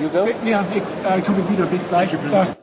You go? Ja, ich, äh, komme a bit gleich.